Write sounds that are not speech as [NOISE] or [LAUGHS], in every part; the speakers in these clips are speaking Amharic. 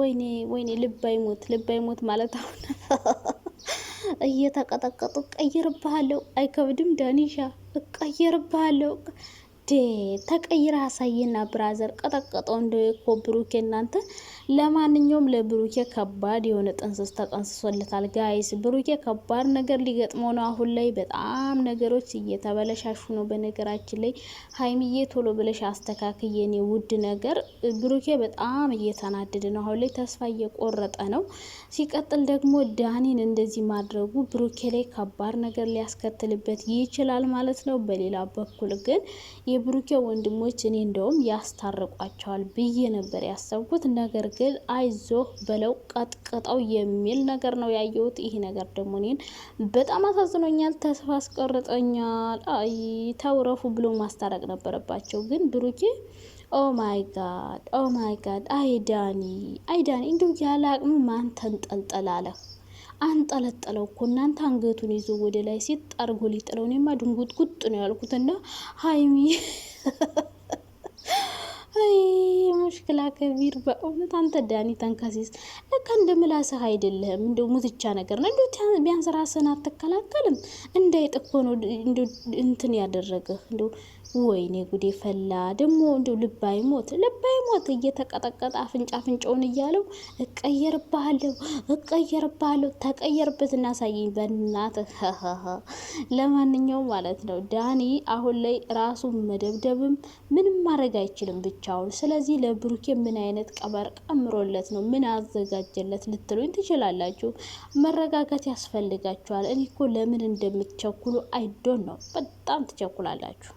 ወይኔ ወይኔ፣ ልባይ ሞት ልባይ ሞት ማለት አሁን [LAUGHS] እየተቀጠቀጡ ቀይርብሃለሁ፣ አይከብድም ዳኒሻ፣ እቀይርብሃለሁ። ዴ ተቀይረ አሳየና ብራዘር ቀጠቀጠው እንደ ኮብሩኬ እናንተ ለማንኛውም ለብሩኬ ከባድ የሆነ ጥንስስ ተጠንስሶለታል። ጋይስ ብሩኬ ከባድ ነገር ሊገጥመው ነው። አሁን ላይ በጣም ነገሮች እየተበለሻሹ ነው። በነገራችን ላይ ሀይሚዬ ቶሎ ብለሽ አስተካክዬ ውድ ነገር ብሩኬ በጣም እየተናደደ ነው። አሁን ላይ ተስፋ እየቆረጠ ነው። ሲቀጥል ደግሞ ዳኒን እንደዚህ ማድረጉ ብሩኬ ላይ ከባድ ነገር ሊያስከትልበት ይችላል ማለት ነው። በሌላ በኩል ግን የብሩኬ ወንድሞች እኔ እንደውም ያስታርቋቸዋል ብዬ ነበር ያሰብኩት ነገር ትግል አይዞህ በለው ቀጥቅጠው የሚል ነገር ነው ያየሁት። ይሄ ነገር ደግሞ እኔን በጣም አሳዝኖኛል፣ ተስፋ አስቀርጠኛል። አይ ተውረፉ ብሎ ማስታረቅ ነበረባቸው። ግን ብሩኬ ኦ ማይ ጋድ ኦ ማይ ጋድ አይዳኒ አይዳኒ እንዲሁ ያለ አቅም ማን ተንጠልጠላለ አንጠለጠለው እኮ እናንተ አንገቱን ይዞ ወደ ላይ ሴት ጠርጎ ሊጥለው። እኔማ ድንጉጥ ጉጥ ነው ያልኩትና ሀይሚ [LAUGHS] ሙሽክላ ከቢር በእውነት አንተ ዳኒ ተንከሲስ ለካ እንደ ምላስህ አይደለህም። እንደ ሙትቻ ነገር ነው። እንደ ቢያንስ ራስህን አትከላከልም። እንደ እኮ ነው እንትን ያደረገህ እንደ ወይኔ ጉዴ ፈላ። ደግሞ እንዲሁ ልባይ ሞት ልባይ ሞት እየተቀጠቀጠ አፍንጫ አፍንጫውን እያለው እቀየርብሃለሁ፣ እቀየርብሃለሁ፣ ተቀየርበት እናሳየኝ በእናትህ። ለማንኛውም ማለት ነው ዳኒ አሁን ላይ ራሱን መደብደብም ምንም ማድረግ አይችልም ብቻውን። ስለዚህ ለብሩኬ ምን አይነት ቀመር ቀምሮለት ነው? ምን አዘጋጀለት ልትሉኝ ትችላላችሁ። መረጋጋት ያስፈልጋችኋል። እኔ እኮ ለምን እንደምትቸኩሉ አይዶን ነው። በጣም ትቸኩላላችሁ።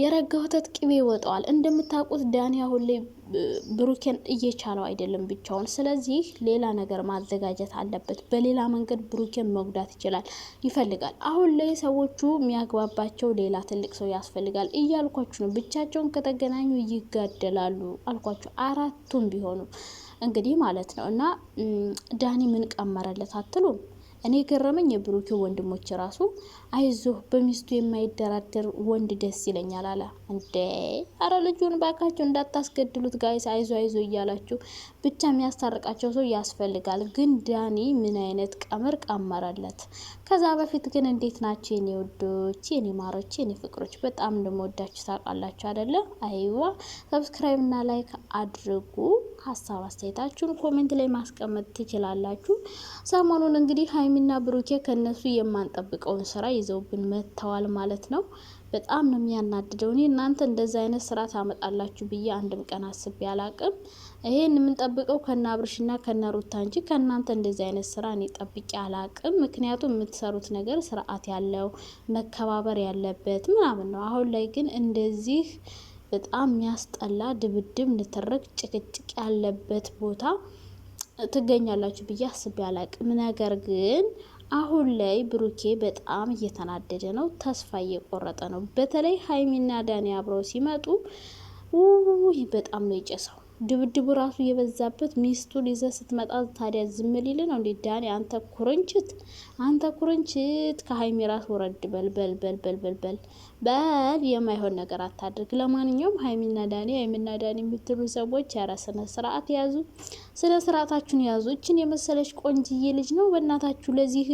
የረጋ ወተት ቅቤ ይወጣዋል። እንደምታውቁት ዳኒ አሁን ላይ ብሩኬን እየቻለው አይደለም ብቻውን። ስለዚህ ሌላ ነገር ማዘጋጀት አለበት። በሌላ መንገድ ብሩኬን መጉዳት ይችላል ይፈልጋል። አሁን ላይ ሰዎቹ የሚያግባባቸው ሌላ ትልቅ ሰው ያስፈልጋል እያልኳችሁ ነው። ብቻቸውን ከተገናኙ ይጋደላሉ አልኳችሁ። አራቱም ቢሆኑ እንግዲህ ማለት ነው እና ዳኒ ምን ቀመረለት አትሉም? እኔ ገረመኝ የብሩኬ ወንድሞች ራሱ አይዞህ በሚስቱ የማይደራደር ወንድ ደስ ይለኛል አለ። እንዴ አረ ልጁን ባካቸው እንዳታስገድሉት ጋይስ፣ አይዞ አይዞ እያላችሁ ብቻ የሚያስታርቃቸው ሰው ያስፈልጋል። ግን ዳኒ ምን አይነት ቀመር ቀመረለት? ከዛ በፊት ግን እንዴት ናቸው የኔ ውዶች፣ የኔ ማሮች፣ የኔ ፍቅሮች? በጣም እንደምወዳችሁ ታውቃላችሁ አደለ? አይዋ ሰብስክራይብ እና ላይክ አድርጉ። ሀሳብ አስተያየታችሁን ኮሜንት ላይ ማስቀመጥ ትችላላችሁ። ሰሞኑን እንግዲህ ሀይሚና ብሩኬ ከነሱ የማንጠብቀውን ስራ ይዘውብን መጥተዋል ማለት ነው። በጣም ነው የሚያናድደው። እኔ እናንተ እንደዚ አይነት ስራ ታመጣላችሁ ብዬ አንድም ቀን አስቤ አላቅም። ይሄን የምንጠብቀው ከነ አብርሽና ከነ ሩታ እንጂ ከእናንተ እንደዚህ አይነት ስራ እኔ ጠብቄ አላቅም። ምክንያቱም የምትሰሩት ነገር ስርዓት ያለው መከባበር ያለበት ምናምን ነው። አሁን ላይ ግን እንደዚህ በጣም የሚያስጠላ ድብድብ፣ ንትርክ፣ ጭቅጭቅ ያለበት ቦታ ትገኛላችሁ ብዬ አስቤ አላቅም ነገር ግን አሁን ላይ ብሩኬ በጣም እየተናደደ ነው። ተስፋ እየቆረጠ ነው። በተለይ ሀይሚና ዳኒ አብረው ሲመጡ ውይ በጣም ነው የጨሰው። ድብድቡ ራሱ የበዛበት ሚስቱን ይዘ ስትመጣ ታዲያ ዝም ሊል ነው እንዴ? ዳኒ አንተ ኩርንችት፣ አንተ ኩርንችት ከሀይሚ ራስ ወረድ በል በል በል በል በል በል በል የማይሆን ነገር አታድርግ። ለማንኛውም ሀይሚና ዳኒ ሀይሚና ዳኒ የምትሉ ሰዎች ያረ ስነ ስርዓት ያዙ፣ ስነ ስርዓታችሁን ያዙ። እችን የመሰለች ቆንጅዬ ልጅ ነው በእናታችሁ ለዚህ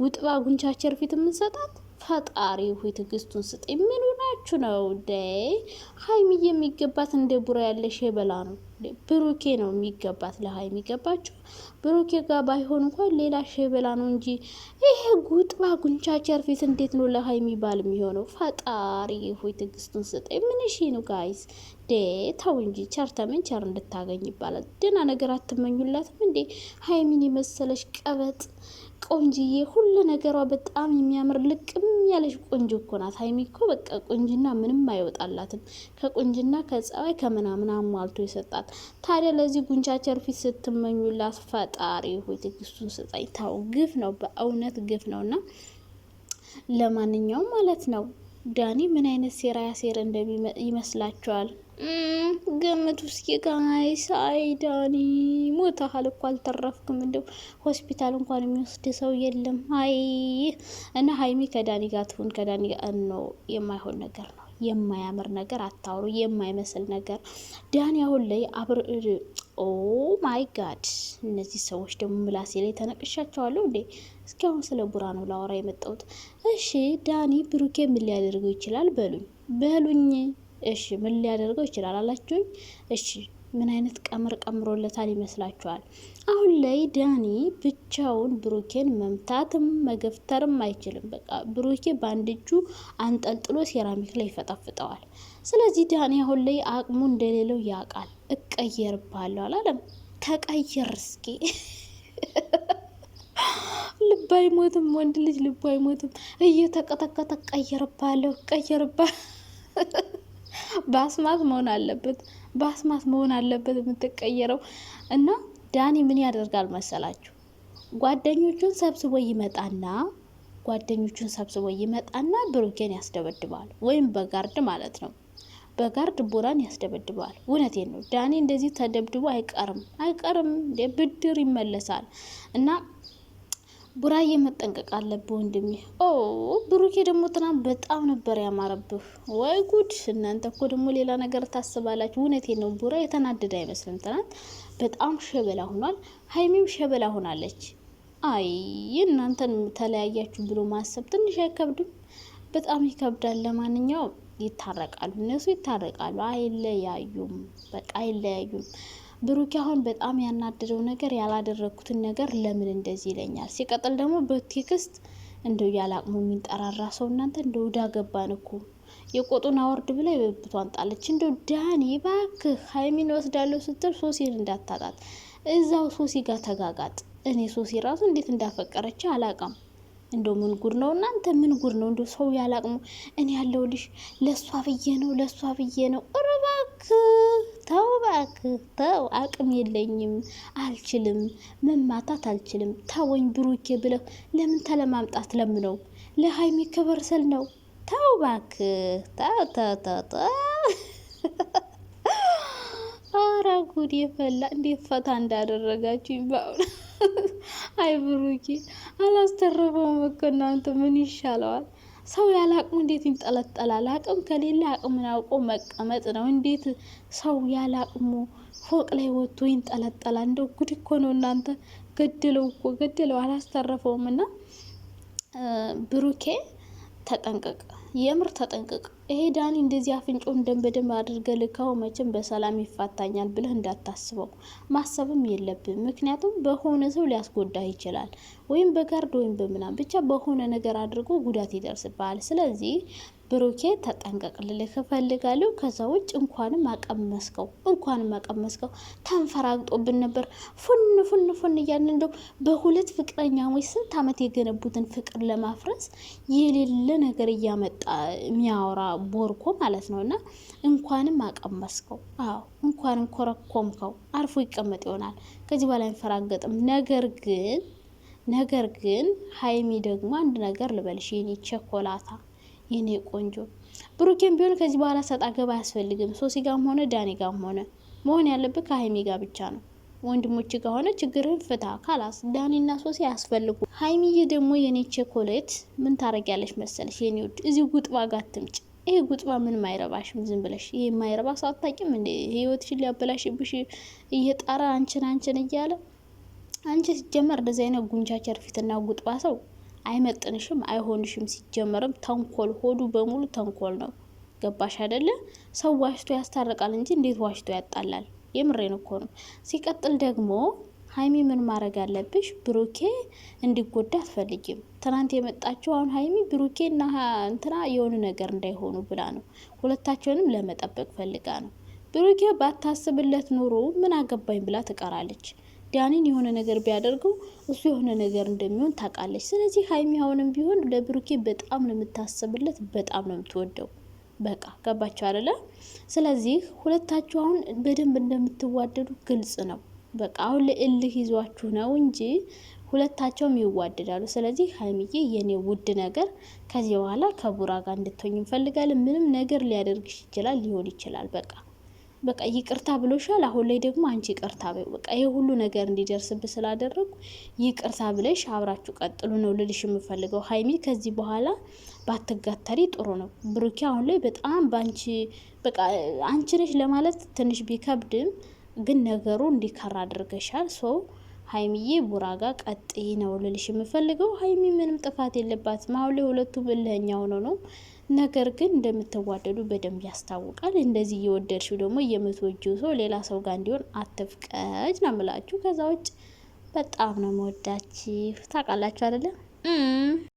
ጉጥባ ጉንቻቸር ፊት የምንሰጣት ፈጣሪ ሆይ ትዕግስቱን ስጥ። እያላችሁ ነው እንዴ? ሀይሚዬ የሚገባት እንደ ቡራ ያለ ሸበላ ነው። ብሩኬ ነው የሚገባት ለሀይሚ ገባችሁ? ብሩኬ ጋር ባይሆን እንኳን ሌላ ሸበላ ነው እንጂ ይሄ ጉጥባ ጉንቻ ቸርፌት እንዴት ነው ለሀይሚ ባል የሚሆነው? ፈጣሪ ሆይ ትግስቱን ስጠኝ። ምንሽ ነው ጋይስ ዴ ተው እንጂ ቸርተምን ቸር እንድታገኝ ይባላል። ደህና ነገር አትመኙላትም እንዴ? ሀይሚን የመሰለች ቀበጥ ቆንጅዬ ሁሉ ነገሯ በጣም የሚያምር ልቅም ያለች ቆንጆ እኮ ናት። ሀይሚ እኮ በቃ ቆንጅና ምንም አይወጣላትም። ከቆንጅና ከጸባይ ከምናምን አሟልቶ የሰጣት ታዲያ ለዚህ ጉንቻቸር ፊት ስትመኙላት ፈጣሪ ሆይ ትዕግስቱን ስጠኝ። ታው ግፍ ነው፣ በእውነት ግፍ ነው እና ለማንኛውም ማለት ነው ዳኒ ምን አይነት ሴራ ያሴር ይመስላችኋል? ገምቱ ውስጥ ጋይስ። አይ ዳኒ ሞተሃል እኮ አልተረፍክም። እንደው ሆስፒታል እንኳን የሚወስድ ሰው የለም። አይ እና ሀይሚ ከዳኒ ጋር ትሁን። ከዳኒ ጋር ነው የማይሆን ነገር ነው የማያምር ነገር አታውሩ፣ የማይመስል ነገር ዳኒ አሁን ላይ አብር ኦ ማይ ጋድ! እነዚህ ሰዎች ደግሞ ምላሴ ላይ ተነቅሻቸዋለሁ እንዴ! እስኪ ስለ ቡራ ነው ላወራ የመጣሁት። እሺ ዳኒ ብሩኬ ምን ሊያደርገው ይችላል? በሉኝ በሉኝ። እሺ ምን ሊያደርገው ይችላል አላችሁኝ? እሺ ምን አይነት ቀምር ቀምሮለታል ይመስላችኋል? አሁን ላይ ዳኒ ብቻውን ብሩኬን መምታትም መገፍተርም አይችልም። በቃ ብሩኬ በአንድ እጁ አንጠልጥሎ ሴራሚክ ላይ ይፈጠፍጠዋል። ስለዚህ ዳኒ አሁን ላይ አቅሙ እንደሌለው ያውቃል። እቀየርባለሁ አላለም። ተቀየር እስኪ [LAUGHS] ልብ አይሞትም። ወንድ ልጅ ልብ አይሞትም። እየተቀጠቀጠ ቀየርባለሁ ቀየርባ [LAUGHS] በአስማት መሆን አለበት። በአስማት መሆን አለበት የምትቀየረው። እና ዳኒ ምን ያደርጋል መሰላችሁ? ጓደኞቹን ሰብስቦ ይመጣና ጓደኞቹን ሰብስቦ ይመጣና ብሩኬን ያስደበድባል፣ ወይም በጋርድ ማለት ነው። በጋርድ ቡራን ያስደበድበዋል። እውነቴን ነው ዳኒ እንደዚህ ተደብድቦ አይቀርም አይቀርም፣ ብድር ይመለሳል እና ቡራዬ መጠንቀቅ አለብህ ወንድሜ። ኦ ብሩኬ ደግሞ ትናንት በጣም ነበር ያማረብህ። ወይ ጉድ! እናንተ እኮ ደግሞ ሌላ ነገር ታስባላችሁ። እውነቴ ነው፣ ቡራ የተናደደ አይመስልም። ትናንት በጣም ሸበላ ሆኗል፣ ሀይሚም ሸበላ ሆናለች። አይ እናንተን ተለያያችሁ ብሎ ማሰብ ትንሽ አይከብድም? በጣም ይከብዳል። ለማንኛውም ይታረቃሉ፣ እነሱ ይታረቃሉ፣ አይለያዩም። በቃ አይለያዩም። ብሩኬ አሁን በጣም ያናደደው ነገር ያላደረግኩትን ነገር ለምን እንደዚህ ይለኛል። ሲቀጥል ደግሞ በቴክስት እንደው ያላቅሙ የሚንጠራራ ሰው እናንተ እንደ ውዳ ገባን እኮ የቆጡን አወርድ ብላ የብብቷን ጣለች። እንደው ዳኒ ባክ ሀይሚን ወስዳለሁ ስትል ሶሲን እንዳታጣት እዛው ሶሲ ጋር ተጋጋጥ። እኔ ሶሲ ራሱ እንዴት እንዳፈቀረች አላቅም። እንደው ምን ጉድ ነው እናንተ፣ ምን ጉድ ነው እንደው ሰው ያላቅሙ። እኔ ልሽ ለእሷ ብዬ ነው ለእሷ ብዬ ነው እባክህ ተው፣ እባክህ ተው፣ አቅም የለኝም፣ አልችልም፣ መማታት አልችልም፣ ታወኝ ብሩኬ ብለው ለምን ተለማምጣት ለምነው ለሀይሚ ክብር ስል ነው። ተው እባክህ ተው ተው ተው። ኧረ ጉድ የፈላ እንዴት ፈታ እንዳደረጋችሁ ይባሉ። አይ ብሩኬ አላስተረፈውም እኮ እናንተ ምን ይሻለዋል? ሰው ያለ አቅሙ እንዴት ይንጠለጠላል? አቅም ከሌለ አቅምን አውቆ መቀመጥ ነው። እንዴት ሰው ያለ አቅሙ ፎቅ ላይ ወጥቶ ይንጠለጠላል? እንደው ጉድ እኮ ነው እናንተ። ገድለው እኮ ገድለው አላስተረፈውም። እና ብሩኬ ተጠንቀቅ፣ የምር ተጠንቀቅ። ይሄ ዳኒ እንደዚህ አፍንጮን ደም በደም አድርገ ልካው መቼም በሰላም ይፋታኛል ብለህ እንዳታስበው ማሰብም የለብም። ምክንያቱም በሆነ ሰው ሊያስጎዳህ ይችላል፣ ወይም በጋርድ ወይም በምናም ብቻ በሆነ ነገር አድርጎ ጉዳት ይደርስብሃል። ስለዚህ ብሩኬ ተጠንቀቅ ልልህ እፈልጋለሁ። ከዛ ውጭ እንኳንም አቀመስከው እንኳንም አቀመስከው ተንፈራግጦብን ነበር። ፉን ፉን ፉን እያልን እንደው በሁለት ወይ ስንት አመት የገነቡትን ፍቅር ለማፍረስ የሌለ ነገር እያመጣ የሚያወራ ቦርኮ ማለት ነው። እና እንኳንም አቀመስከው፣ አዎ እንኳንም ኮረኮምከው። አርፎ ይቀመጥ ይሆናል ከዚህ በላይ አንፈራገጥም። ነገር ግን ነገር ግን ሀይሚ ደግሞ አንድ ነገር ልበልሽ፣ የኔ ቸኮላታ፣ የኔ ቆንጆ ብሩኬን ቢሆን ከዚህ በኋላ ሰጣ ገባ አያስፈልግም። ሶሲ ጋም ሆነ ዳኔ ጋም ሆነ መሆን ያለብህ ከሀይሚ ጋር ብቻ ነው። ወንድሞች ከሆነ ችግርህን ፍታ ካላስ። ዳኒና ሶሲ ያስፈልጉ። ሀይሚዬ ደግሞ የኔ ቸኮሌት ምን ታረጊያለሽ መሰለሽ? የኔ ውድ እዚህ ጉጥባ ጋር ይሄ ጉጥባ ምንም አይረባሽም። ዝም ብለሽ ይሄ የማይረባ ሰው አታውቂም እንዴ? ህይወትሽን ሊያበላሽብሽ እየጣራ አንችን አንችን እያለ አንቺ ሲጀመር እንደዚህ አይነት ጉንቻቸር ፊትና ጉጥባ ሰው አይመጥንሽም፣ አይሆንሽም። ሲጀመርም ተንኮል ሆዱ በሙሉ ተንኮል ነው። ገባሽ አይደለ? ሰው ዋሽቶ ያስታርቃል እንጂ እንዴት ዋሽቶ ያጣላል? የምሬን እኮ ነው። ሲቀጥል ደግሞ ሀይሚ ምን ማድረግ አለብሽ? ብሩኬ እንዲጎዳ አትፈልጊም። ትናንት የመጣችው አሁን ሀይሚ ብሩኬ እና እንትና የሆኑ ነገር እንዳይሆኑ ብላ ነው። ሁለታቸውንም ለመጠበቅ ፈልጋ ነው። ብሩኬ ባታስብለት ኑሮ ምን አገባኝ ብላ ትቀራለች። ዳኒን የሆነ ነገር ቢያደርገው እሱ የሆነ ነገር እንደሚሆን ታውቃለች። ስለዚህ ሀይሚ አሁንም ቢሆን ለብሩኬ በጣም ነው የምታስብለት፣ በጣም ነው የምትወደው። በቃ ገባቸው አይደለ? ስለዚህ ሁለታችሁ አሁን በደንብ እንደምትዋደዱ ግልጽ ነው። በቃ አሁን ልእልህ ይዟችሁ ነው እንጂ ሁለታቸውም ይዋደዳሉ። ስለዚህ ሀይሚዬ የኔ ውድ ነገር ከዚህ በኋላ ከቡራ ጋር እንድትሆኝ እንፈልጋለን። ምንም ነገር ሊያደርግሽ ይችላል፣ ሊሆን ይችላል። በቃ በቃ ይቅርታ ብሎሻል። አሁን ላይ ደግሞ አንቺ ይቅርታ በይው። በቃ ይህ ሁሉ ነገር እንዲደርስብ ስላደረጉ ይቅርታ ብለሽ አብራችሁ ቀጥሉ ነው ልልሽ የምፈልገው። ሀይሚ ከዚህ በኋላ ባትጋተሪ ጥሩ ነው። ብሩኪ አሁን ላይ በጣም በአንቺ በቃ አንቺ ነሽ ለማለት ትንሽ ቢከብድም ግን ነገሩ እንዲከራ አድርገሻል። ሶ ሀይሚዬ ቡራጋ ቀጥይ ነው ልልሽ የምፈልገው። ሀይሚ ምንም ጥፋት የለባትም። አሁን ላይ ሁለቱም እልህኛ ሆነው ነው። ነገር ግን እንደምትዋደዱ በደንብ ያስታውቃል። እንደዚህ እየወደድሽው ደግሞ የምትወጂው ሰው ሌላ ሰው ጋር እንዲሆን አትፍቀጅ ነው ምላችሁ። ከዛ ውጭ በጣም ነው መወዳችሁ ታውቃላችሁ አይደለም?